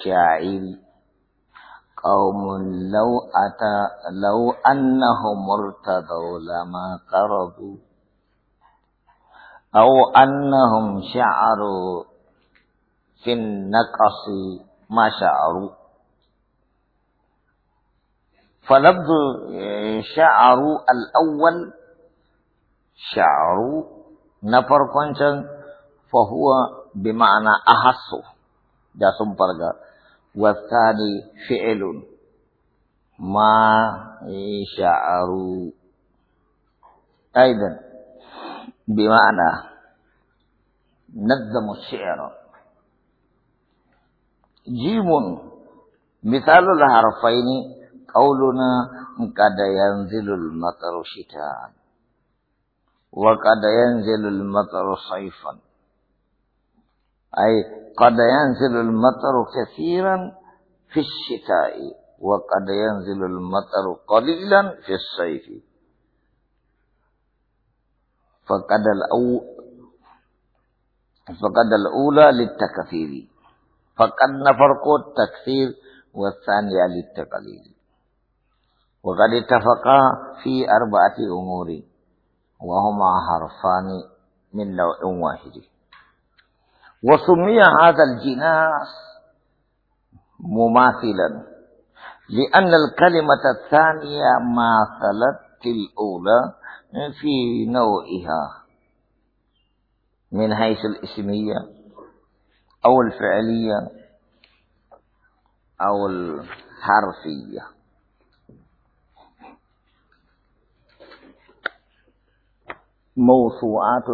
الشاعر قوم لو أتى لو أنهم ارتضوا لما قربوا أو أنهم شعروا في النقص ما شعروا فلفظ شعروا الأول شعروا نفر كونشن فهو بمعنى أحسه da sun farga wasani fi'ilun ma sha'aru aidan bi ma'ana nazzamu shi'ra jimun misalu al-harfaini qawluna قد ينزل المطر شتاء وقد ينزل المطر صيفا أي قد ينزل المطر كثيرا في الشتاء وقد ينزل المطر قليلا في الصيف فقد الأول فقد الأولى للتكثير فقد نفرق التكثير والثانية للتقليل وقد اتفقا في أربعة أمور وهما حرفان من نوع واحد وسمي هذا الجناس مماثلا لأن الكلمة الثانية ماثلت الأولى في نوعها من حيث الاسمية أو الفعلية أو الحرفية موسوعات